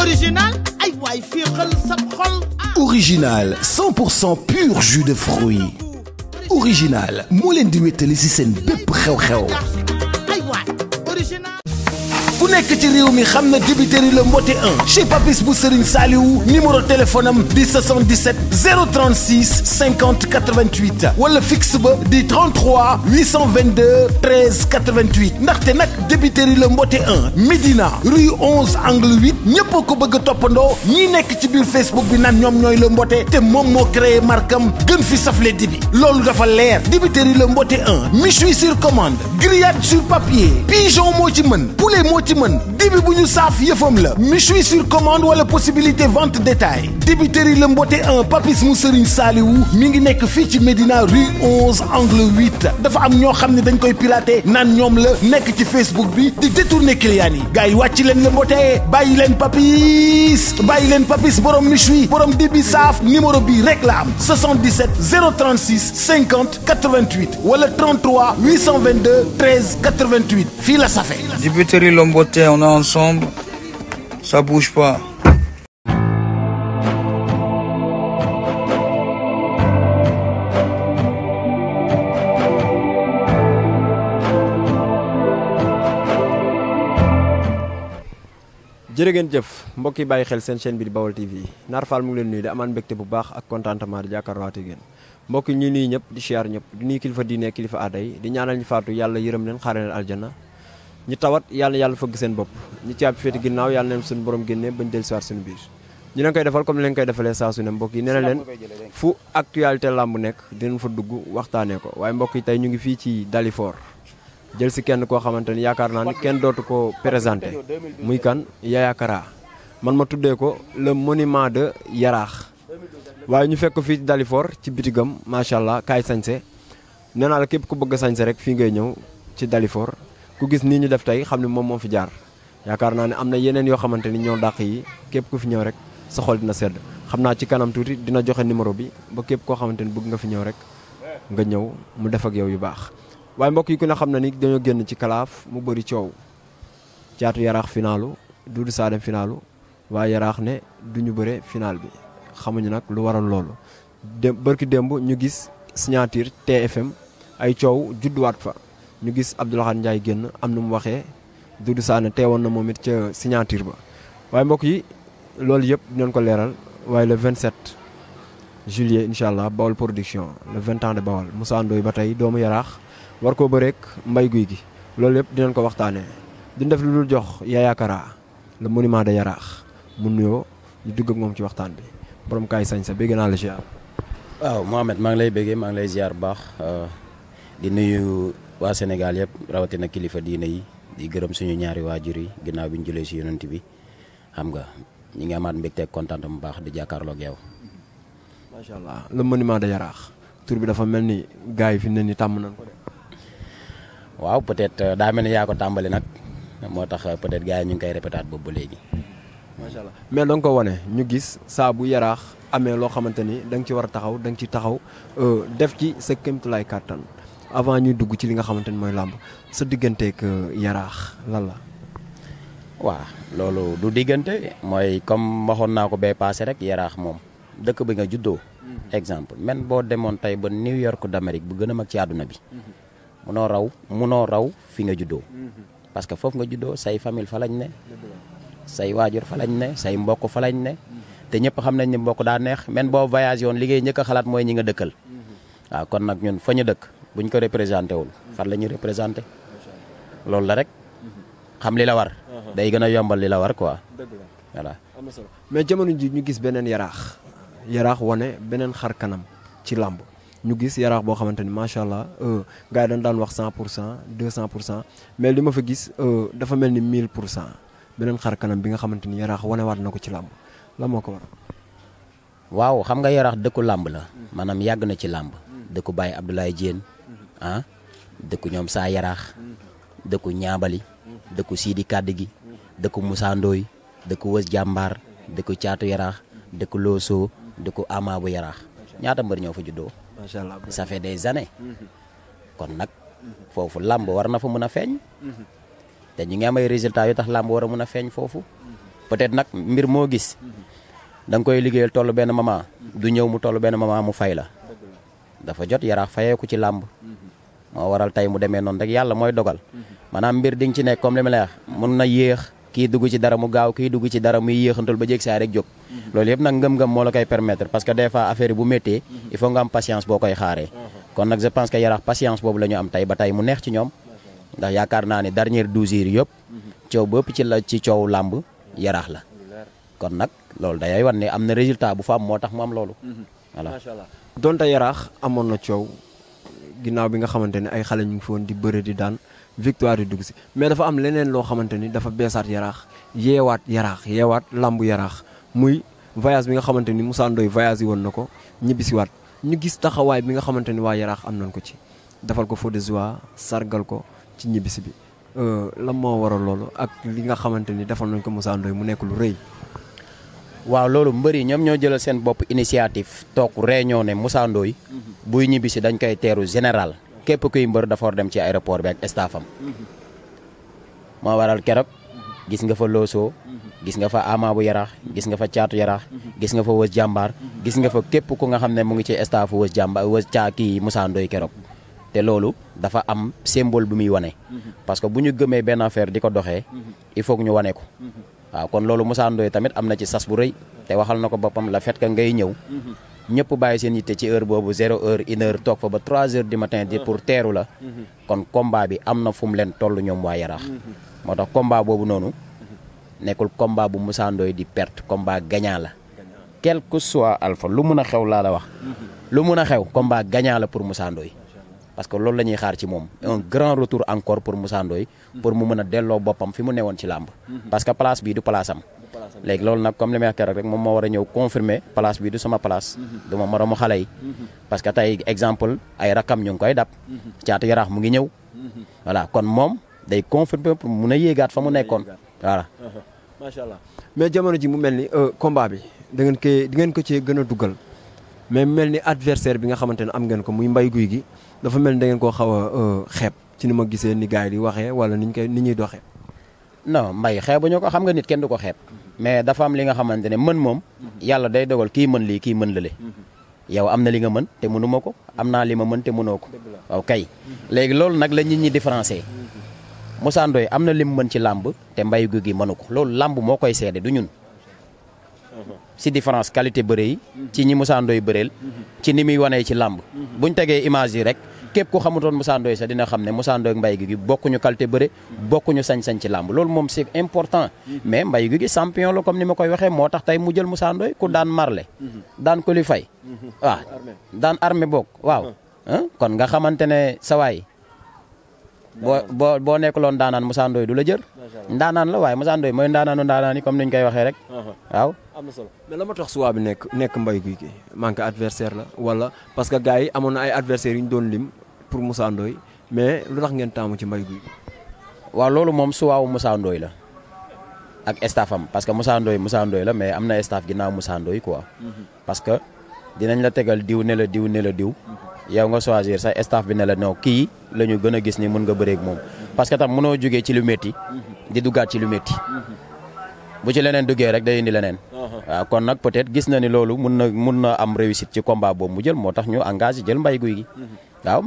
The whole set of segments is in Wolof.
original ay waay fii pur jus de fruits original moo leen di wéttali ci seen bépp ku nekk ci réew mi xam na débiteri le mbote 1 chez Papis bu Serigne Saliou numéro téléphone am di 77 036 50 88 wala fixe ba di 33 822 13 88 ndaxte nag débiteri le mbote 1 Médina rue 11 angle 8 ñépp a ko bëgg a toppandoo ñi nekk ci biir Facebook bi naan ñoom ñooy le mbote te moom moo créé markam gën fi safle dibi loolu dafa leer débiteri le mbote 1 méchoui sur commande grillade sur papier pigeon moo ci mën poulet moo ci ci mën dibi bu ñu saaf yëfam la méchoui sur commande wala possibilité vente détail débiteri la mbote un papis mu sëriñ saaliwu mi ngi nekk fii ci Médina rue 11 angle 8 dafa am ñoo xam ne dañ koy piraté naan ñoom la nekk ci Facebook bi di détourner clients yi gars yi wàcc leen la mbote bàyyi leen papis bàyyi leen papis borom méchoui borom dibi saaf numéro bi rek la am 77 036 50 88 wala 33 822 13 88 fii la safe beauté, on est ensemble. Ça bouge pas. jërë ngeen jëf mbokk bàyyi xel seen chaîne bi di Baol TV Naar Fall mu ngi leen nuyu di amaan mbégte bu baax ak contentement di jàkkaarloowaatee ngeen mbokk yi ñu nuyu ñëpp di siyaar ñëpp di nuyu kilifa diine kilifa aaday di ñaanal ñu faatu yàlla yërëm leen xaare leen aljana ñi tawat yàlla yàlla fëgg seen bopp ñi caabi féeti ginnaaw yàlla neen suñu borom génne bañ del siwaat suñu biir ñu leen koy defal comme leen koy defalee saa su ne mbokk yi nee na leen fu actualité làmb nekk dinañ fa dugg waxtaanee ko waaye mbokk yi tey ñu ngi fii ci Dalifort jël si kenn koo xamante ni yaakaar naa ni kenn dootu ko présenté muy kan Yaya Kara man ma tuddee ko le monument de Yaraax waaye ñu fekk fii ci Dalifort ci bitigam macha allah kaay sañse nee naa la képp ku bëgg sañse rek fii ngay ñëw ci Dalifort ku gis nii ñu def tey xam ne moom moo fi jaar yaakaar naa ne am na yeneen yoo xamante ni ñoo dàq yi képp ku fi ñëw rek sa xol dina sedd xam naa ci kanam tuuti dina joxe numéro bi ba képp koo xamante ni bëgg nga fi ñëw rek nga ñëw mu def ak yow yu baax waaye mbokk yi ku ne xam na ni dañoo génn ci kalaaf mu bëri coow caatu yaraax finaalu Doudou Sané finaalu waaye yaraax ne du ñu bëre final bi xamuñu nag lu waral loolu dé bërki démb ñu gis signature TFM ay coow judduwaat fa ñu gis Abdou Lahad Ndiaye génn am nu mu waxee Doudou Sané teewoon na moom it ca signature ba waaye mbokk yi loolu yëpp dinañ ko leeral waaye le 27 juillet incha allah Baol production le 20 ans de Baol Moussa Ndoye ba tey doomu yaraax war koo bëreek mbay guy gi loolu yëpp dinañ ko waxtaanee duñ def lu dul jox Yaya Kara le monument de yaraax mu nuyoo ñu dugg moom ci waxtaan bi borom kaay sañ sa bégg naa la ziar. waaw Mohamed maa ngi lay béggee maa ngi lay ziar bu baax euh, waa Sénégal yëpp rawatina kilifa diine yi di gërëm suñu ñaari waajur yi ginnaaw bi ñu jëlee si yonent bi xam nga ñi ngi amaat mbégte ak kontaan bu baax di jàkkaarloo ak yow. macha allah le monument de Yaraax tur bi dafa mel ni gars yi fi mu ne nii tàmm nañ ko de. waaw peut-être euh, daa mel ni yaa ko tàmbali nag moo tax euh, peut-être gars ñu ngi koy répétaat boobu ba léegi. macha allah mais da ko wane ñu gis saa bu Yaraax amee loo xamante ni da nga ci war a taxaw da nga ci taxaw euh, def ci sa kéemtulaay kàttan. avant ñuy dugg ci li nga xamante ni mooy làmb sa digganteeg euh, yaraax lan la. waaw loolu du diggante mooy comme waxoon naa ko bee paase rek yaraax moom dëkk bi nga juddoo. Mhm. exemple même boo demoon tey ba New York d'Amérique bu gën a mag ci àdduna bi. Mhm. munoo raw munoo raw fi nga juddoo. Mhm. parce que foofu nga juddoo say famille fa lañ ne. say waajur fa lañ ne say mbokk fa lañ ne. te ñëpp xam nañ ne mbokk daa neex même boo voyage yoon liggéey njëkk a xalaat mooy ñi nga dëkkal. waaw kon nag ñun fa ñu dëkk. buñ ko représenté wul fan la ñuy représenté loolu la rek xam li la war. Uh-huh. day gën a yombal li la war quoi. voilà. am mais jamono ji ñu gis beneen yaraax yaraax wane beneen xar kanam ci làmb ñu gis yaraax boo xamante ni macha allah euh, gars yi dañ daan wax 100 pour cent 200 pour cent mais li ma fa gis euh, dafa mel ni 1000 pour cent beneen xar kanam bi nga xamante ni yaraax wanewaat na ko ci làmb la moo ko war. waaw xam nga yaraax dëkku làmb la. Hmm. maanaam yàgg na ci làmb. Hmm. dëkku Baye Abdoulaye Diène. ah dëkku ñoom saa yaraax dëkku ñaabali dëkku siidi kàdd gi dëkku Moussa Ndoye dëkku wës jàmbaar dëkku caatu yaraax dëkku loosoo dëkku ama bu yaraax ñaata mbër ñoo fa juddoo macha allah ça des années mhm. kon nag foofu làmb war na fa mën a feeñ mhm. te ñu ngi am ay résultats yu tax làmb war a mën a feeñ foofu peut-être nag mbir moo gis mhm. danga koy liggéeyal tollu benn moment du ñëw mu tollu benn moment mu fay la dafa jot yaraax fayeeku ci làmb moo waral tey mu demee noonu rek yàlla mooy dogal maanaam mbir di nga ci nekk comme li ma lay mun na yéex kii dugg ci dara mu gaaw kii dugg ci dara muy yéexantul ba jég saa rek jóg mhm. loolu yëpp nag ngëm-ngëm moo la koy permettre parce que des fois affaire bu méttee mhm. il faut nga am patience boo koy xaaree uh-huh. kon nag je pense que yaraax patience boobu la am tey ba tey mu neex ci ñoom ndax yaakaar naa ne dernière douze heures yëpp mhm. coow bëpp ci la ci coow làmb yaraax la kon nag loolu dayay wan ne am na résultat bu fa moo tax mu am loolu voilà donte yaraax amoon na coow ginnaaw bi nga xamante ne ay xale ñu ngi fi di bëre di daan victoire di dugg si mais dafa am leneen loo xamante ni dafa beesaat yaraax yeewaat yaraax yeewaat làmb yaraax muy voyage bi nga xamante ni Moussa Ndoye voyage yi woon na ko ñibbisiwaat ñu gis taxawaay bi nga xamante ni waa yaraax am nañ ko ci defal ko feu de joie sargal ko ci ñibbisi bi euh, lan moo waral loolu ak li nga xamante ni defal nañ ko Moussa mu nekk lu rëy waaw loolu mbër yi ñoom ñoo jëlal seen bopp initiative toog réunion ne musaandooy buy ñibbisi dañ koy teeru général képp kuy mbër dafa war dem ci aéroport bi ak staffam moo waral keroog gis nga fa loosoo gis nga fa ama bu gis nga fa caatu yaraax gis nga fa wës jàmbaar gis nga fa képp ku nga xam ne mu ngi ci staffu wës jàmbaar wës caa kii keroog te loolu dafa am symbole bu muy wane parce que bu ñu gëmee benn affaire di ko doxee i faut ñu wane ko waaw kon loolu Moussa tamit am na ci sas bu rëy te waxal na ko boppam la fait que ngay ñëw mhm. ñëpp bàyyi seen yitte ci heure boobu zéro heure une heure toog fa ba trois heures du matin di pour teeru la mhm. kon combat bi am na fu mu leen toll ñoom waa Yaraax mhm. moo tax combat boobu noonu nekkul combat bu Moussa di perte combat gañaa la quelque que soit Alpha lu mun a xew laa la wax lu mun a xew combat gagnant la pour Moussa parce que loolu la ñuy xaar ci moom un grand retour encore pour Moussa Ndoye pour mu mën a delloo boppam fi mu newoon ci làmb parce que place bii du place am loolu nag comme li may wax keroog rek moom moo war a ñëw confirmer parce que tey exemple ay rakam ñu ngi koy dab caatu yaraax mu ngi ñëw voilà kon moom day confirmer pour mun a yéegaat fa mu nekkoon voilà macha allah mais jamono ji mu mel ni euh, combat bi da ngeen koy di ngeen ko ci gën a dugal mais mel ni adversaire bi nga xamante ne am ngeen ko muy mbay guy gi dafa mel ni dangeen ngeen koo xaw a euh, xeeb ci ni ma gisee ni gars yi di waxee wala niñ koy ni ñuy doxee. non mbay xeebuñu ko xam nga nit kenn du ko xeeb. mais dafa am li nga xamante ne mën moom. yàlla day dogal kii mën lii kii mën la le yow am na li nga mën te mënuma ko am naa li ma mën te mënoo ko. waaw kay léegi loolu nag la nit ñi différencier. Moussa Ndoye am na lim mën ci làmb te mbay guy gi mënu ko loolu làmb moo koy seede du ñun. si différence qualité bëre yi ci ñi Moussa Ndoye bëreel ci ni muy wanee ci làmb buñ tegee image yi rek képp ku xamutoon Moussa Ndoye sax dina xam ne Moussa Ndoye ak Mbaye Gouy Gui bokkuñu qualité bëre bokkuñu sañ-sañ ci làmb loolu moom c'est important mais Mbaye Gouy Gui champion la comme ni ma koy waxee moo tax tey mu jël Moussa Ndoye ku daan marle daan ko li fay mhm. waaw daan armée boog waaw ah. kon nga xamante sawaay boo boo boo nekkuloon daanaan musaandooy du la jër ndaanaan la waaye Moussa Ndoye mooy ndaanaanu ndaanaan yi comme ni ñu koy waxee rek waaw am na solo mais la ma tax suwaa nekk nekk Mbaye Gouy Gui manque adversaire la wala parce que gars yi amoon na ay adversaires yu ñu doon lim pour Moussa Ndoye mais lu tax ngeen taamu ci Mbaye Gouy Gui waaw loolu moom suwaawu Moussa Ndoye la ak staffam parce que Moussa musaandooy la mais am na staff ginnaaw Moussa Ndoye quoi mhm. parce que dinañ la tegal diw ne la diw ne la diw mhm. yow nga choisir sa staff bi na la non kii la ñu gën a gis ni mun nga bëreek moom parce que tam mënoo jógee ci lu métti di duggaat ci lu métti bu ci leneen duggee rek day indi leneen uh-huh. waaw kon nag peut-être gis na ni loolu mun na mun na am réussite ci combat boobu mu jël moo tax ñu engagé jël mbay guy gi uh-huh. waaw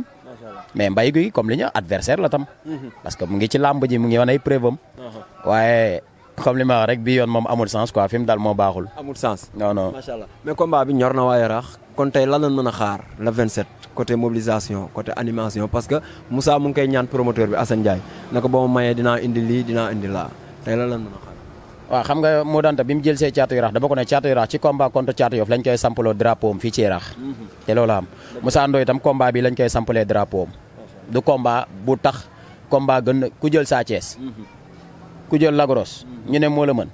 mais mbay guy gi comme li ñu adversaire la tam uh-huh. parce que mu ngi ci làmb ji mu ngi wan ay preuve am waaye comme li ma wax rek bi yoon moom amul sens quoi fi mu daal moo baaxul. amul sens non non. macha allah bi ñor na waa Yaraax kon tey lan lañ mën a xaar le 27 côté mobilisation côté animation parce que Moussa mu koy ñaan promoteur bi Assane Ndiaye na ma mayee dinaa indi lii dinaa indi laa tey lan lañ mën a xaar. waaw xam nga moo danta bi mu jël see caatu Yaraax dama ko ne caatu Yaraax ci combat contre caatu Yoff lañ koy sampaloo drapeau fii ci Yaraax. Mhm. te loolu am Moussa Ndoye itam combat ku jël Lagros ñu ne moo la mën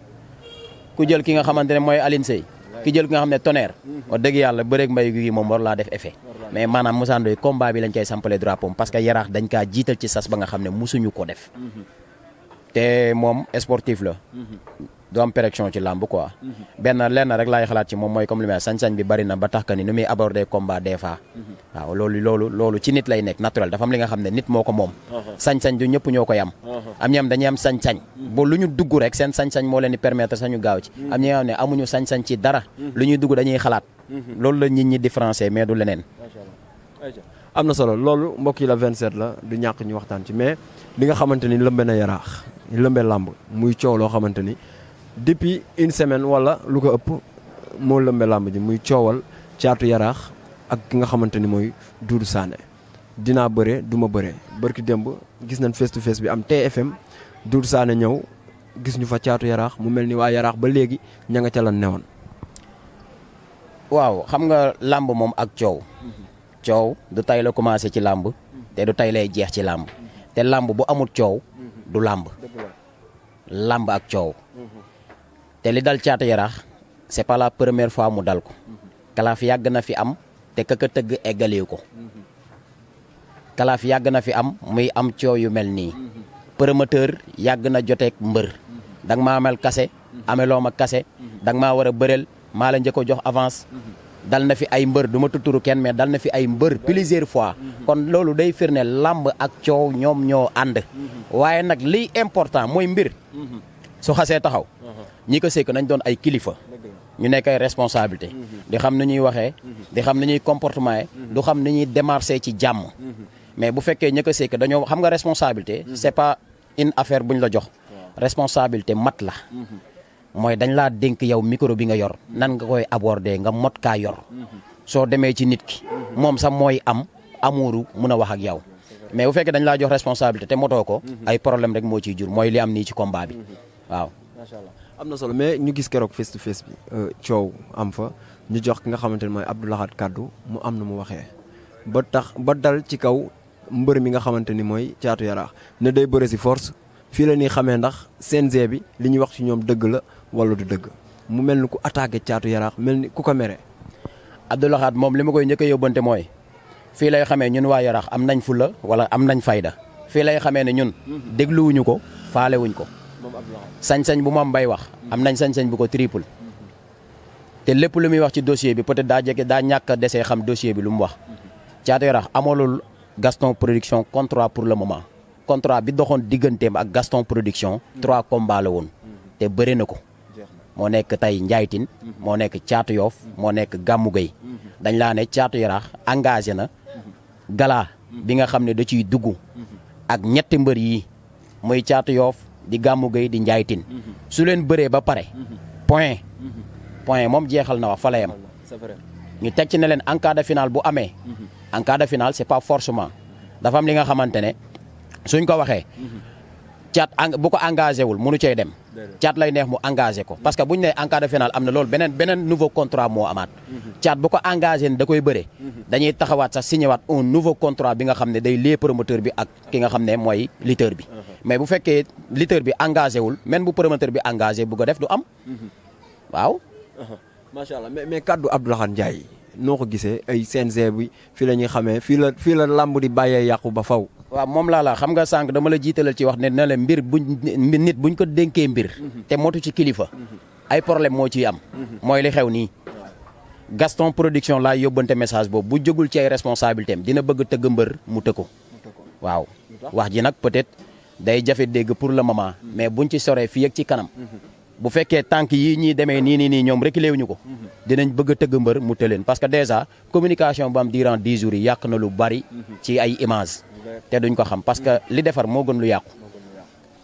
ku jël ki nga xamante ne mooy Alioune Seye ki jël ki nga xam ne tonnerre wax dëgg yàlla bëreeg mbay gi moom war la def effet mais maanaam Moussa Ndoye combat bi lañ koy sampale drapeau parce que yaraax dañ kaa jiital ci sas ba nga xam ne musuñu ko def mhm. te moom sportif la mhm. du am perfection ci làmb quoi. Mhm. benn lenn rek laay xalaat ci moom mooy comme li may sañ-sañ bi bari na ba tax ka ni nu muy aborder combat des fois. Mhm. waaw loolu loolu loolu ci nit lay nekk naturel dafa am li nga xam ne nit moo ko moom. Uh-huh. sañ-sañ du ñëpp ñoo koy am. Uh-huh. am ñam am sañ-sañ. Mhm. ba lu ñu dugg rek seen sañ-sañ moo leen di permettre sañu gaaw ci. am ñi nga xam sañ-sañ ci dara. lu ñuy dugg dañuy xalaat. loolu la nit ñi différencier mais du leneen. am na solo loolu mbokk yi la 27 la du ñàkk ñu waxtaan ci mais li nga xamante ni lëmbe na yaraax lëmbe làmb muy coow loo xamante ni depuis une semaine wala lu ko ëpp moo lëmbe làmb ji muy coowal caatu yaraax ak ki nga xamante ni mooy Doudou Sané dinaa bëre duma ma bëre barki démb gis nañ face to bi am TFM Doudou Sané ñëw gis ñu fa caatu yaraax mu mel ni waa yaraax ba léegi ña nga ca lan waaw xam nga làmb moom ak coow. coow du tay la commencé ci làmb. te du tay lay jeex ci làmb. te làmb bu amul coow. du làmb. làmb ak coow. te li dal Caatu Yaraax c'est pas la première fois mu dal ko kalaaf yàgg na fi am te kaka tëgg eggalee ko kalaaf yàgg na fi am muy am coow yu mel nii promoteur yàgg na joteeg mbër danga maa mel kase ameloo ma kase danga maa war a bëreel maa la njëkk jox avance dal na fi ay mbër du ma tuturu kenn mais dal na fi ay mbër plusieurs fois kon loolu day firne làmb ak coow ñoom ñoo ànd waaye nag liy important mooy mbir su xasee taxaw ñi ko sekk nañ doon ay kilifa ñu nekk ay responsabilité di xam ni ñuy waxee di xam ni ñuy comportement yi du xam ni ñuy démarché ci jàmm mais bu fekkee ñi ko sekk dañoo xam nga responsabilité c'est pas une affaire buñ la jox responsabilité mat la mooy dañ laa dénk yow micro bi nga yor nan nga koy aborder nga mot kaa yor soo demee ci nit ki moom sax mooy am amuuru mun a wax ak yow mais bu fekkee dañ laa jox responsabilité te motoo ko ay problème rek moo ciy jur mooy li am nii ci combat bi waaw macha am na solo mais ñu gis keroog face to face bi euh, coow am fa ñu jox ki nga xamante ni mooy Abdou Lahad kàddu mu am na mu waxee ba tax ba dal ci kaw mbër mi nga xamante ni mooy caatu yaraax ne day bëre si force fii la ñuy xamee ndax CNG bi li ñuy wax ci ñoom dëgg la wala du dëgg mu mel ni ku attaqué caatu yaraax mel ni ku ko mere. Abdou moom li ma koy njëkk a yóbbante mooy fii lay xamee ñun waa yaraax am nañ fulla wala am nañ fayda fii lay xamee ne ñun mhm. dégluwuñu ko faalewuñ ko. sañ-sañ bu ma mbay wax am nañ sañ-sañ bu ko triple te lépp lu muy wax ci dossier bi peut-être daa jege daa ñàkk a desee xam dossier bi lu mu wax Caatu Yaraax amalul Gaston Production contrat pour le moment contrat bi doxoon digganteem ak Gaston Production trois combats la woon te bëri na ko moo nekk tey njaaytin moo nekk Caatu yoof moo nekk gàmmu Gueye dañ laa ne Caatu Yaraax engagé na gala bi nga xam ne da ciy dugg ak ñetti mbër yi muy Caatu Yoff di Gamou Gueye di Ndiaye Tine su leen bëree ba pare point point moom jeexal na wax fa la yem ñu teg ci leen en finale bu amee mhm. en cas de finale c'est pas forcément dafa am li nga xamante ne suñ ko waxee caat bu ko engagé wul mënu cee dem. caat lay neex mu engagé ko parce que bu ñu nee en cas am na loolu beneen beneen nouveau contrat moo amaat. caat mhm. bu ko engagé da koy bëre. Mhm. dañuy taxawaat sax signé waat un nouveau contrat bi nga xam ne day lié promoteur bi ak ki nga xam ne mooy lutteur bi. Mhm. mais bu fekkee lutteur bi engagé wul même bu promoteur bi engagé bu ko def du am. waaw. Uh-huh. macha allah mais mais kaddu Abdourahmane Ndiaye noo ko gisee ay CNG bi fii la ñuy xamee fii la fii la làmb di bàyyee yàqu ba faw waaw moom laa la xam nga sànq dama la jiitalal ci wax ne na la mbir buñ nit ñu ko dénkee mbir. te motu ci kilifa. ay problème moo ciy am. mooy li xew nii. Gaston production laa yóbbante message boobu bu jógul ci ay responsabilité dina bëgg tëgg mbër mu waaw wax ji nag peut-être day jafe dégg pour le moment. mais buñ ci soree fii ak ci kanam. bu fekkee tànk yii ñuy demee nii nii nii ñoom reculé wuñu ko. dinañ bëgg a tëgg mbër tëleen parce que déjà communication baam am durant 10 yi yàq na lu bari. ci ay images. te duñ ko xam parce que li defar moo gën lu yàqu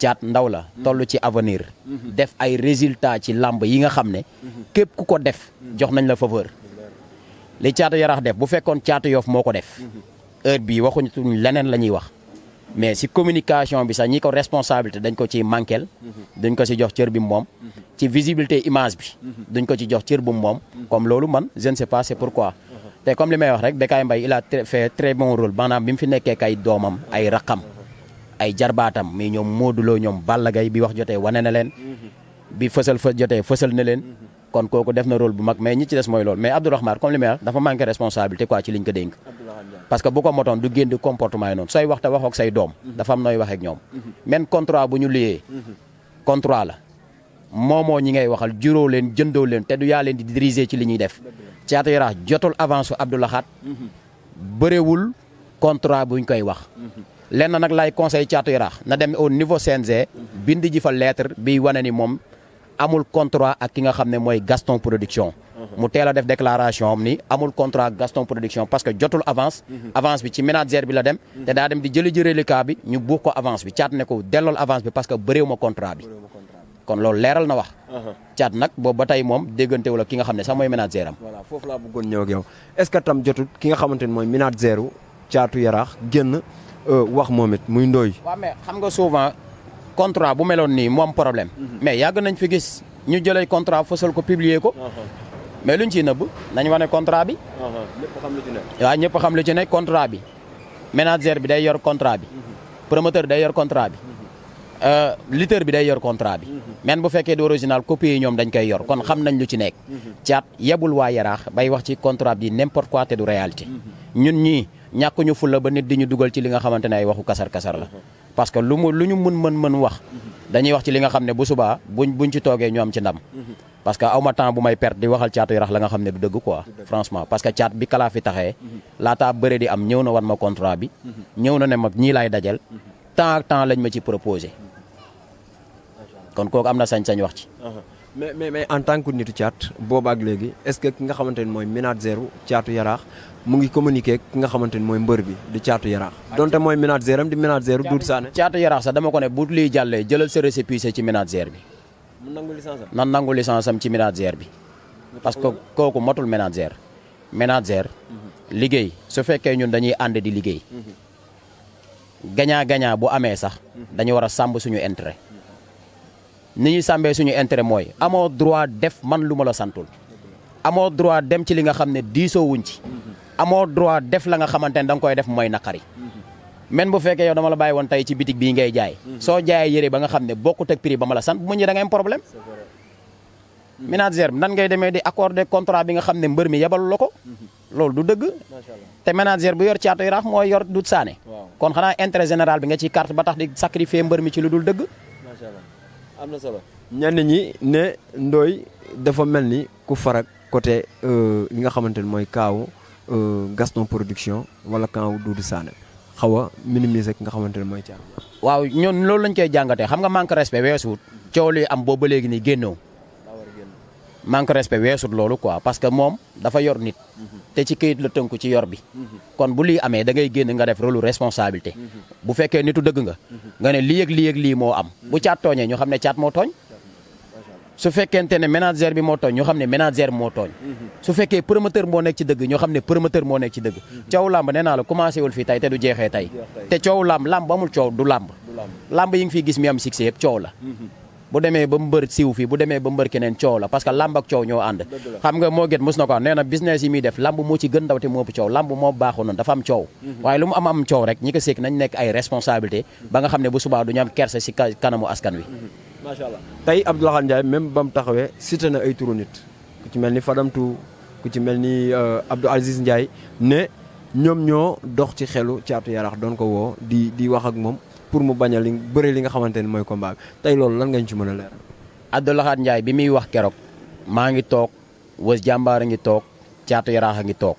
caat ndaw la toll ci avenir def ay résultat ci làmb yi nga xam ne képp ku ko def jox nañ la faveur li caatu yarax def bu fekkoon caatu yoof moo ko def heure bii waxuñu leneen la ñuy wax mais si communication bi sax ñi ko responsabilité dañ ko ciy manquel duñ ko si jox cër bi moom ci visibilité image bi duñ ko ci jox cër bu moom comme loolu man je ne pas c'est pourquoi te comme li may wax rek Bécaye Mbaye il a fait très bon rôle maanaam bi mu fi nekkee kay doomam ay raqam ay jarbaatam mi ñoom mooduloo ñoom Balla Gaye bi wax jotee wane na leen mm-hmm. bi fësal fa jotee fësal na leen mm-hmm. kon kooku def na rôle bu mag mais ñi ci des mooy loolu mais Abdourahmane comme li may wax dafa manqué responsabilité quoi ci liñ ko dénk parce que bu ko motoon du génn comportement yi noonu sooy wax te waxook say doom mm-hmm. dafa am nooy waxeek ñoom même contrat bu ñu liyee contrat la moomoo ñi ngay waxal juróo leen jëndoo leen te du yaa leen di diriger ci li ñuy def Caatu Yaraax jotul avance su Abdou Lahat bëriwul contrat buñ koy wax lenn nag lay conseil Caatu Yaraax na dem au niveau CNG bind ji fa lettre bi wane ni moom amul contrat ak ki nga xam ne mooy Gaston Production mu teel a def déclaration am ni amul contrat Gaston Production parce que jotul avance avance bi ci manager bi la dem te daa dem di jëli ji ñu buux ko avance bi caat ne ko dellool avance ma contrat kon loolu leeral na wax. Uh-huh. caat nag boobu ba tey moom déggante wala ki nga xam ne sax mooy manager am. foofu laa bëggoon ñëw ak yow est que tam jotut ki nga xamante ne mooy manager caatu yaraax génn euh, wax moom it muy ndooy. waaw mais xam nga souvent contrat bu meloon ni moom problème. Mm-hmm. mais yàgg nañ fi gis ñu jëlee contrat fësal ko publier ko. Uh-huh. mais luñ ciy nëbb nañ wane contrat bi. Uh-huh. ñëpp xam ñëpp xam lu ci ne contrat bi. manager bi day yor contrat bi. Mm-hmm. promoteur day yor contrat Euh, lutteur bi day yor contrat bi. Mhm. même bu fekkee du original copie yi ñoom dañ koy yor kon xam nañ lu ci nekk. Mhm. caat yebul waa yaraax bay wax ci contrat bi n'importe quoi te du réalité. Mhm. ñun ñii ñàkk ñu fulla ba nit di ñu dugal ci li nga xamante ne ay waxu kasar kasar la. parce que lu mu lu ñu mën mën mën wax. dañuy wax ci li nga xam ne bu subaa buñ buñ ci toogee ñu am ci ndam. parce que ma temps bu may perte di waxal caatu yaraax la nga xam ne du dëgg quoi franchement parce que caat bi kalaa fi taxee. laataa bëre di am ñëw na wan ma contrat bi. ñëw na ne mag ñii laay dajal. temps ak temps lañ ma ci proposé kon kooku am na sañ-sañ wax ci. Uh-huh. mais mais mais en tant que nitu caat booba ak léegi est-ce que ki nga xamante ne mooy manager caatu yaraax mu ngi communiquer ki nga xamante ni mooy mbër bi di caatu yaraax. donte mooy manager am di manager Doudou Sané. caatu yaraax sax dama ko ne bu liy jàllee jëlal sa récépissé ci manager bi. mu nangu licence am nan nangu licence am ci manager bi. parce que kooku matul manager. manager. Mm-hmm. liggéey su fekkee ñun dañuy ànd di liggéey. Mm-hmm. gagnant gagnant bu amee sax dañu war a sàmb suñu intérêt ni ñuy sàmbee suñu intérêt mooy amoo droit def man lu ma la santul amoo droit dem ci li nga xam ne diisoo wuñ ci amoo droit def la nga xamante ne da koy def mooy naqari même bu fekkee yow dama la bàyyi woon tey ci bitig bii ngay jaay soo jaayee yëre ba nga xam ne bokkut ak prix ba ma la sant bu mu ñi da ngay am problème ménagère nan ngay demee di accorder contrat bi nga xam ne mbër mi yebal la loolu du dëgg. te manager bu yor caatu yaraax moo yor du dut saane. kon xanaa intérêt général bi nga ciy carte ba tax di sacrifier mbër mi ci lu dul dëgg. macha allah am na solo. ñenn ñi ne Ndoye dafa mel ni ku farak côté euh, li nga xamante ni mooy kaawu euh, Gaston production wala kaawu Doudou Sané xaw a minimiser ki nga xamante ne mooy caatu. waaw ñoom loolu lañ koy jàngatee xam nga manque respect weesuut coow li am boobu léegi nii génnoo. manque respe weesut loolu quoi parce que moom dafa yor nit. te ci këyit la tënku ci yor bi. kon bu lii amee da ngay génn nga def rôle responsabilité. bu fekkee nitu dëgg nga. nga ne li ak li ak lii moo am. bu caat tooñee ñu xam ne caat moo tooñ. su fekkente ne manager bi moo tooñ xam ne manager moo tooñ. su fekkee promoteur moo nekk ci dëgg ñu xam ne promoteur moo nekk ci dëgg. coow làmb nee naa la commencé wul fii tey te du jeexee tey. te coow làmb làmb amul coow du làmb. làmb yi nga fi gis mi am succès yëpp coow la. bu demee ba mbër siw fii bu demee ba mbër keneen coow la parce que lamb ak coow ñoo ànd xam nga moo gét mos na ko nee na business yi muy def lamb moo ci gën ndaw te moo ëpp coow lamb moo baaxoo noonu dafa am coow mhm. waaye lu mu am am coow rek ñi ko séeg nañ nekk ay responsabilité ba nga xam ne bu subaa du ñu am kerse si kanamu askan wi mhm. macha allah tey Abdoulaye Ndiaye même ba mu taxawee cité na ay turu ci mel ni Fadamtu ku ci mel ni euh, Abdou Aziz Ndiaye ne ñoom ñoo dox ci xelu caatu yarax doon ko woo di di wax ak moom pour mu bañ a li bëre li nga xamante ni mooy ko bi tey loolu lan ngañ ci mën a leer. Abdoulaye Ndiaye bi muy wax keroog maa ngi toog wës jàmbaar a ngi toog caatu yaraax a ngi toog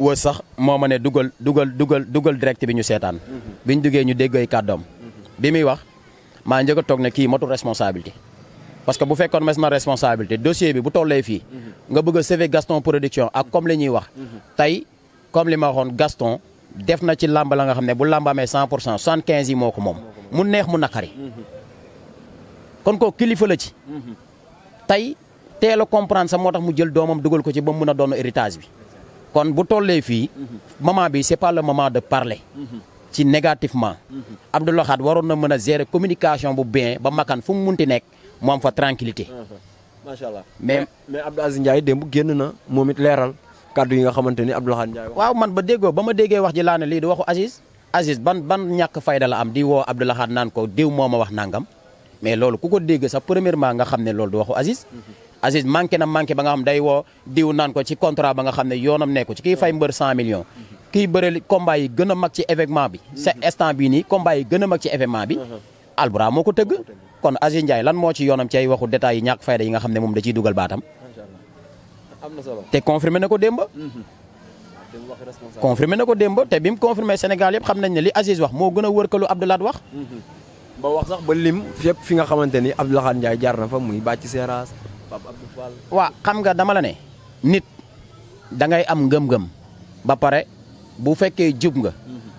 wës sax moo ma ne dugal dugal dugal dugal direct bi ñu seetaan. Mhm. bi ñu duggee ñu déggee kàddoom. Mhm. bi muy wax maa njëkk a toog ne kii matul responsabilité. parce que bu fekkoon mes na responsabilité dossier bi bu tollee fii. Mhm. nga bëgg a sauver Gaston production ak comme li ñuy wax. tey comme li ma waxoon Gaston. def na ci làmb la nga xam ne bu làmb amee cent pour cent soixante quinze yi moo ko moom mu neex mu naqari kon ko kilifa la ci tey teel a comprendre sax moo tax mu jël doomam dugal ko ci ba mu mun a doon héritage bi kon bu tollee fii moment bi c'est pas le moment de parler ci négativement Abdou Lahad waroon na mën a gérer communication bu bien ba makan fu mu munti nekk mu am fa tranquillité macha allah mais mais Abdou Aziz na moom it leeral kàddu yi nga xamante ni Abdou Lahad Ndiaye wax. waaw man ba déggoo ba ma déggee wax ji laa ne lii du waxu Aziz Aziz ban ban ñàkk fayda la am di woo Abdou naan ko diw moo a wax nangam mais loolu ku ko dégg sax premièrement nga xam ne loolu du waxu Aziz. Mm-hmm. Aziz manqué na manqué ba nga xam day woo diw naan ko ci contrat ba nga xam ne yoonam nekku ci kii fay mbër 100 millions. Mm-hmm. kii bëre combat yi gën a mag ci événement bi. Mm-hmm. sa instant bii nii combat yi gën a mag ci événement da dugal baatam te confirmé na ko démb. Mhm. confirmé na ko démb te bi mu confirmé Sénégal yëpp xam nañ ne li Aziz wax moo gën a wërkalu Abdou Lahad wax. Mhm. ba wax sax ba lim fépp fi nga xamante ni Abdou Lahad Ndiaye jaar na fa muy bàcc seeraas Pape xam nga dama la ne nit dangay am ngëm-ngëm ba pare bu fekkee jub nga. Mhm.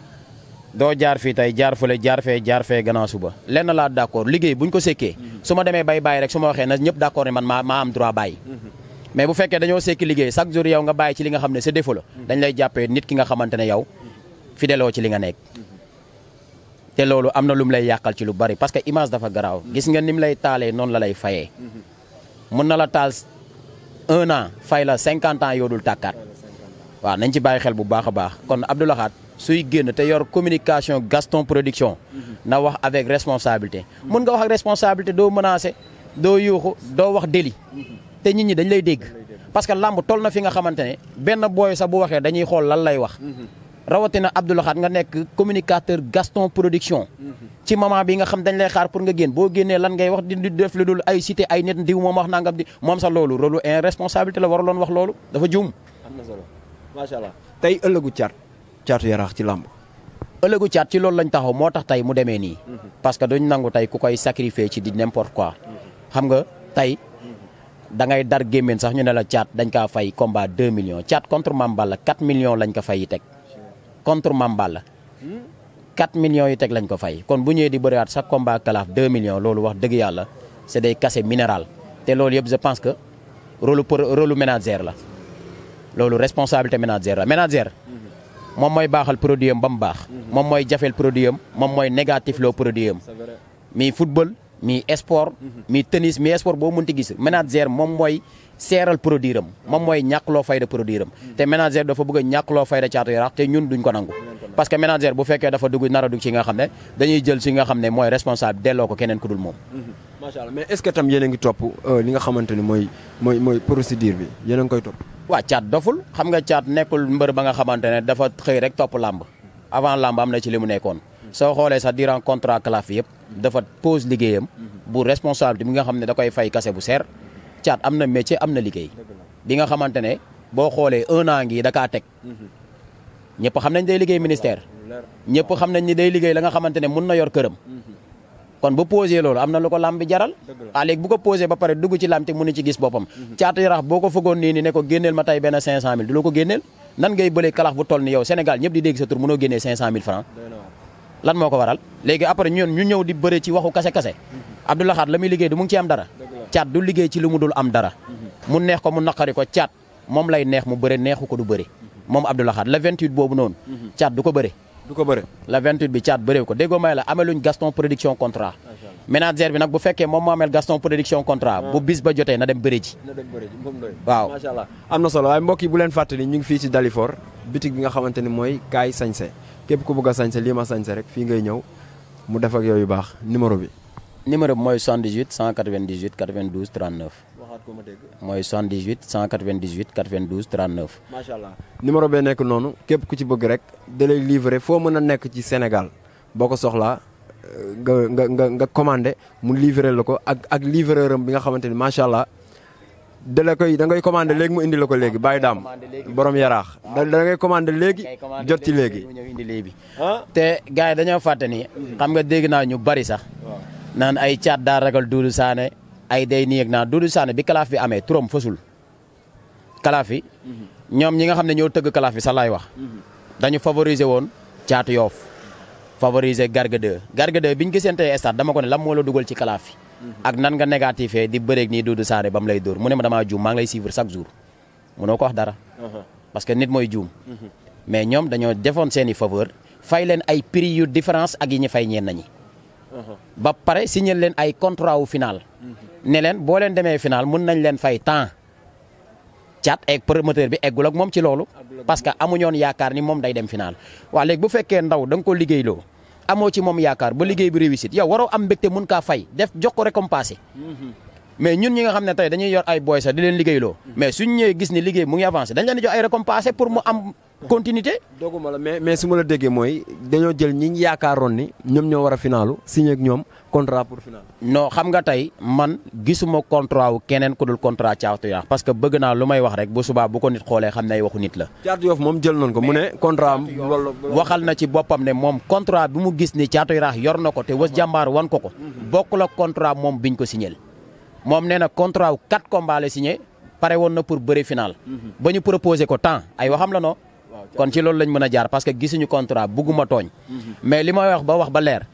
doo jaar fii tey jaar fële jaar fee jaar fee gannaaw suba lenn laa d' accord bu ñu ko sekkee. su ma demee bay bàyyi rek su ma waxee na ñëpp d' ne man maa mais bu fekkee dañoo sekki liggéey chaque jour yow nga bàyyi ci li nga xam ne sa défaut la mm-hmm. dañ lay jàppee nit ki nga xamante ne yow fideloo ci li nga nekk mm-hmm. te loolu am na lu mu lay yàqal ci lu bari parce que image dafa garaaw mm-hmm. gis nga ni mu lay taalee noonu la lay fayee mun na la taal un an fay la cinquante ans yoo dul tàkkaat waaw nañ ci bàyyi xel bu baax a baax kon Abdou Lahat suy génn te yor communication Gaston Production na wax avec responsabilité mun nga wax ak responsabilité doo menacer doo yuuxu doo wax délit te nit ñi dañ lay dégg parce que làmb toll na fi nga xamante ne benn booy sax bu waxee dañuy xool lan lay wax rawatina Abdou Lahat nga nekk communicateur Gaston production ci moment bi nga xam dañ lay xaar pour nga génn boo génnee lan ngay wax di def lu dul ay cité ay nit diw moom wax nangam di moom sax loolu rôle irresponsabilité la waraloon wax loolu dafa juum. am na solo macha allah tey ëllëgu caat caatu yaraax ci làmb ëllëgu caat ci loolu lañ taxaw moo tax tey mu demee nii. Mhm. parce que duñ nangu tey ku koy sacrifier ci di n'importe quoi. Mhm. xam nga tey da ngay dar gémmiñ sax ñu ne la caat dañ kaa fay combat 2 millions caat contre Mame Balla 4 lañ ko fay yi teg contre Mame la 4 millions yi teg lañ ko fay kon bu ñëwee di bëriwaat chaque combat kalaaf 2 millions loolu wax dëgg yàlla c'est des kase minéraux te loolu yëpp je pense que rôle pour rôle ménagère la loolu responsabilité ménagère la ménagère moom mooy baaxal produit am ba mu baax moom mooy jafeel produit am moom mooy négatif loo produit am mais mi sport mhm. mi tennis mi sport boo mënti gis manager moom mooy seeral produire am moom mooy ñàkkloo fayda produire am mhm. te manager dafa bëgg a ñàkkloo fayda caatu yaraax te ñun duñ ko nangu parce que manager bu fekkee dafa dugg nar a dugg ci nga xam ne dañuy jël si nga xam ne mooy responsable delloo ko keneen ku moom mhm. macha allah mais est-ce que tam ngi topp euh, li nga xamante ni mooy mooy mooy procédure bi yéen koy topp waaw caat doful xam nga caat nekkul mbër ba nga xamante ne dafa xëy rek topp làmb avant làmb am na ci li mu nekkoon soo xoolee sax durant contrat CLAF yëpp dafa pose liggéeyam bu responsabilité bi nga xam ne da koy fay kase bu seer caat am na métier am na liggéey bi nga xamante ne boo xoolee un an ngi da teg ñëpp xam nañ day liggéey ministère ñëpp xam nañ ni day liggéey la nga xamante ne mun na yor këram kon bu posé loolu am na lu ko làmb jaral ah léegi bu ko posé ba pare dugg ci làmb te mënu ci gis boppam mhm. caat yarax boo ko fëggoon nii ne ko génneel ma tey benn lan moo ko waral léegi après ñun ñu ñëw di bëre ci waxu kase kase mhm. Abdou Lahad la muy liggéey du mu ngi ci am dara caat du liggéey ci lu mu dul am dara mhm. mu neex ko mu naqari ko caat moom lay neex mu bëre neexu ko du bëre mhm. moom Abdou Lahad la 28 boobu noonu caat du ko bëre du ko bëre la 28 bi caat bëreew ko déggoo may la ameluñ Gaston production contrat manager bi nag bu fekkee moom moo amel Gaston production contrat ah. bu bis ba jotee na dem bëre ji na dem bëre ji waaw am na solo waaye bu leen fàttali ñu ngi fii ci Dalifort bitig bi nga xamante ne mooy Kaay Sañse képp ku bëgg a sañse lii ma sañse rek fii ngay ñëw mu def ak yooyu baax numéro bi. numéro bi mooy 78 198 92 39. waxaat ko ma dégg. mooy 78 allah numéro bee nekk noonu képp ku ci bëgg rek da lay foo mën a nekk ci senegal boo ko soxlaa euh, nga nga nga nga commandé mu livrer la ko ak ak livreur am bi nga xamante ni macha allah. da la koy da ngay commandé léegi mu indi ko léegi Baye Dame borom yaraax da ngay commandé léegi jot ci léegi. te gars yi dañoo fàtte ni xam nga dégg naa ñu bari sax naan ay caat daa ragal Doudou Sané ay day nii ak naan Doudou Sané bi kalaaf bi amee turam fasul kalaaf ñoom ñi nga xam ne ñoo tëgg kalaaf bi sax laay wax dañu favoriser woon caatu yoof favoriser Garga 2 Garga 2 biñ gisante stade dama ko ne lan moo la dugal ci kalaaf yi ak nan nga négatifé di bëreeg nii Doudou Sané ba mu lay dóor mu ne ma damaa juum maa ngi lay suivre chaque jour noo ko wax dara. Uh-huh. parce que nit mooy juum. Uh-huh. mais ñoom dañoo defoon seen i faveur fay leen ay prix yu différence ak yi ñu fay ñeen nañi uh-huh. ba pare si leen ay contrat wu final. ne leen boo leen demee final mun nañ leen fay temps. caat ak promoteur bi eggul ak moom ci loolu. parce que amuñoon yaakaar ni moom day dem finaal waa léegi bu fekkee ndaw da nga ko liggéeyloo amoo ci moom yaakaar ba liggéey bi réussite yow waroo am mbégte mun kaa fay def jox ko mais ñun ñi nga xam ne tey dañuy yor ay boy sax di leen liggéeyloo mais suñ ñëwee gis ni liggéey mu ngi avancé dañ leen di jox ay récompensé pour mu am continuité la mais mais su ma la déggee mooy dañoo jël ñi yaakaaroon ni ñoom ñoo war a finalu signé ak ñoom contrat pour final. non xam nga tey man gisuma contrat wu keneen ku dul contrat Thiatou Yoff parce que bëgg naa lu may wax rek bu subaa bu ko nit xoolee xam nay waxu nit la. Thiatou Yoff moom jël nañ ko mu ne contrat waxal na ci boppam ne moom contrat bi mu gis ni Thiatou Yoff yor na ko te was jàmbaar wan ko ko. bokkul ak contrat moom biñ ko signé moom nee na contrat wu quatre combats pare woon na pour bëri final. Mhm. ba ñu proposé ko temps ay waxam la no kon ci loolu lañ mën a jaar parce que gisuñu contrat bugguma tooñ. Mhm. mais li may wax ba wax ba leer.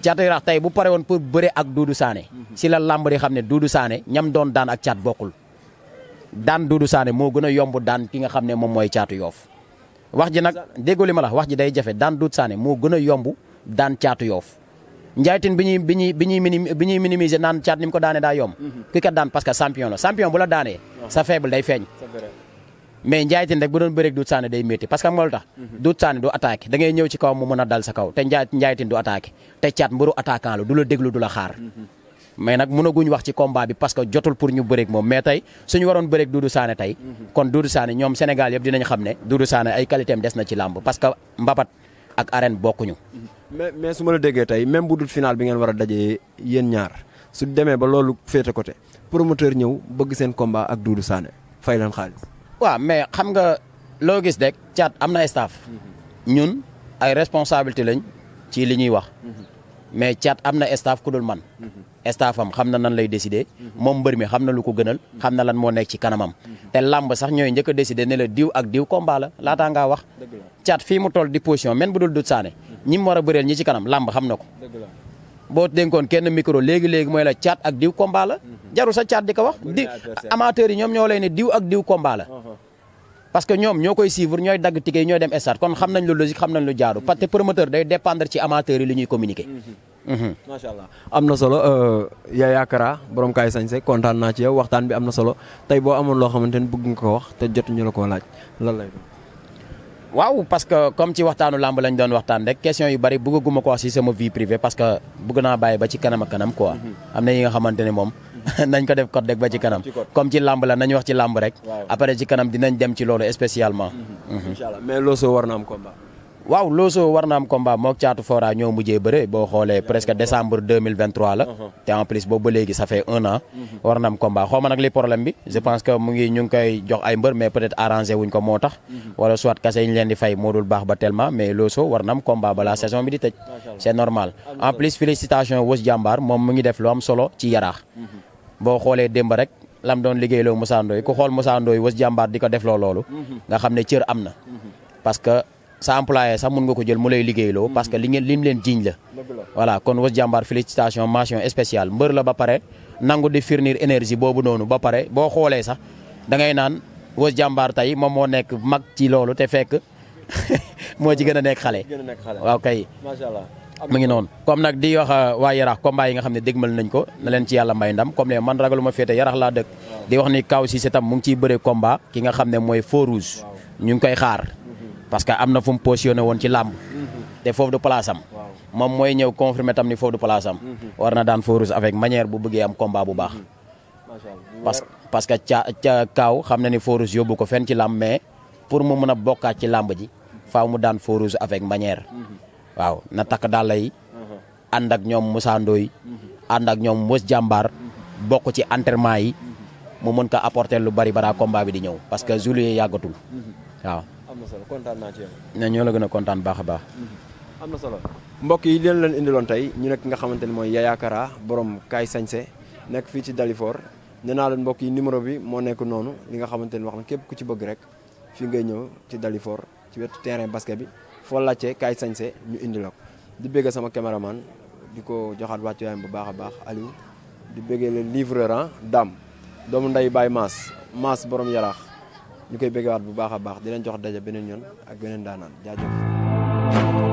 Caatu Yaraax tey bu pare oon pour bëre ak Doudou Sané si la làmb di xam ne Doudou Sané ñam doon daan ak caat bokkul daan Doudou saane moo gën a yomb daan ki nga xam ne moom mooy caatu yoof wax ji nag déggoo li ma la wax ji day jafe daan Doudou saane moo gën a yomb daan caatu yoof njaaytin bi ñuy bi ñuy bi ñuy minim bi ñuy minimiser naan caat ni mu ko daanee daa yom mhm. ki kat daan parce que champion la champion bu la daanee sa faible day feeñ mais Ndiaye Tine rek bu doon bëreeg Doudou Sané day métti parce que xam nga lu tax mhm. Doudou Sané du attaqué da ñëw ci kaw mu mën a dal sa kaw te Ndiaye Ndiaye Tine du attaqué te caat mburu attaquant la du la déglu du la xaar mhm. mais nag mënaguñ wax ci combat bi parce que jotul pour ñu bëreeg moom mais tey su ñu waroon bëreeg Doudou Sané tey mhm. kon Doudou Sané ñoom Sénégal yëpp dinañ xam ne Doudou Sané ay qualité des na ci làmb parce que mbabat ak arène bokkuñu mais mais su ma la déggee tey même bu dul final bi ngeen war a dajee yéen ñaar su demee ba loolu féete côté promoteur ñëw bëgg seen combat ak Doudou Sané fay leen xaalis waaw mais xam nga loo gis rek caat am na staff. Mm-hmm. ñun ay responsabilité lañ ci li ñuy wax. Mm-hmm. mais caat am na staff ku dul man. Mm-hmm. staff am xam na nan lay décider. moom mbër mi xam na lu ko gënal. xam na lan moo nekk ci kanamam. te làmb sax ñooy njëkk a décider ne la diw ak diw combat la laataa ngaa wax. caat fii mu toll di position même bu dul dut saane. ñi mu war a bëreel ñi ci kanam làmb xam na ko. boo dénkoon kenn micro léegi léegi mooy la caat ak diw combat la. jarul sa caat di ko wax di amateurs yi ñoom ñoo lay ne diw ak diw combat la uh-huh. parce que ñoom ñoo koy suivre ñooy dagg ticket ñooy dem stade kon xam nañ lu logique xam nañ lu jaaru parce que promoteur day dépendre ci amateurs yi li ñuy communiquer. Mm-hmm. Mm-hmm. macha allah am na solo euh, Yaya Kara borom kaay sañse kontaan naa ci yow waxtaan bi am na solo tey boo amoon loo xamante ni bëgg nga ko wax te jotuñu la koo laaj lan lay doon. waaw parce que comme ci waxtaanu làmb lañ doon waxtaan rek question yu bari bëgguma ko wax si sama parce que bëgg naa bàyyi ba ci kanam ak kanam quoi. Mm-hmm. am na yi nga xamante ne moom. nañ ko def code rek ba ci ah, kanam comme ci làmb la nañ wax ci làmb rek après ci kanam dinañ dem ci loolu spécialement war na am waaw Loso war na am combat mook caatu Fora ñoo mujjee bëre boo xoolee presque décembre 2023 la uh-huh. te en plus boobu ba léegi ça un an mhm. war na am nag li problème bi je pense que mu ngi ñu ngi koy jox ay mbër mais peut-être arrangé wuñ ko moo tax mhm. wala soit kase yi ñu leen di fay moo dul baax ba tellement mais Loso war na am combat balaa uh-huh. saison bi di tëj c'est normal en plus félicitation moom mu ngi def lu am solo ci yaraax mhm. boo xoolee démb rek lam doon liggéeyloo Moussa Ndoye ku xool Moussa Ndoye was jàmbaar di ko defloo loolu mhm. nga xam ne cër am na parce que sa employé sax mun nga ko jël mu lay liggéeyloo parce que li ngeen lim leen jiiñ la voilà kon was jàmbaar félicitation massion spéciale mbër la ba pare nangu di fournir énergie boobu noonu ba pare boo xoolee sax da ngay naan was jàmbaar tey moom moo nekk mag ci loolu te fekk moo ci gën a nekk xale waaw mu ngi noonu comme nag di wax uh, waa yarax combat yi nga xam ne dégmal nañ ko na leen ci yàlla mbay ndam comme ne man ragalu ma féete yarax laa dëkk di wax ni kaw si setam mu ngi ciy bëre combat ki nga xam ne mooy feu ñu ngi koy xaar parce que am na fu mu positionné woon ci làmb te foofu du place am moom mooy ñëw confirmer tam ni foofu du place am war na daan feu rouge avec manière bu bëggee am combat bu baax parce parce que ca ca kaaw xam na ni feu rouge yóbbu ko fenn ci làmb mais pour mu mën a bokkaat ci làmb ji faaw mu daan feu rouge avec waaw na takk dàlla yi ànd ak ñoom Moussa Ndoye ànd ak ñoom Moussa Jàmbaar bokk ci entraînement yi mu mën ko apporter lu bari bara combat bi di ñëw parce que juillet yàggatul waaw. am na kontaan naa ci ñoo la gën a kontaan baax a baax. am na solo mbokk yi leen leen indiloon tey ñu nekk nga xamante ne mooy Yaya Kara borom Kaay Sañse nekk fii ci Dalifort nee naa leen mbokk yi numéro bi moo nekk noonu li nga xamante ne wax na képp ku ci bëgg rek fii ngay ñëw ci Dalifort ci wetu terrain baske bi. foo laajte kaay sañse ñu indi la ko di bëgg sama caméraman di ko joxaat wàccuwaayam bu baax a baax Aliou di bëggee le livreur ah Dame doomu nday Baye Maas Maas borom yaraax ñu koy bëggewaat bu baax a baax di leen jox daja beneen yoon ak beneen daanaan jaajëf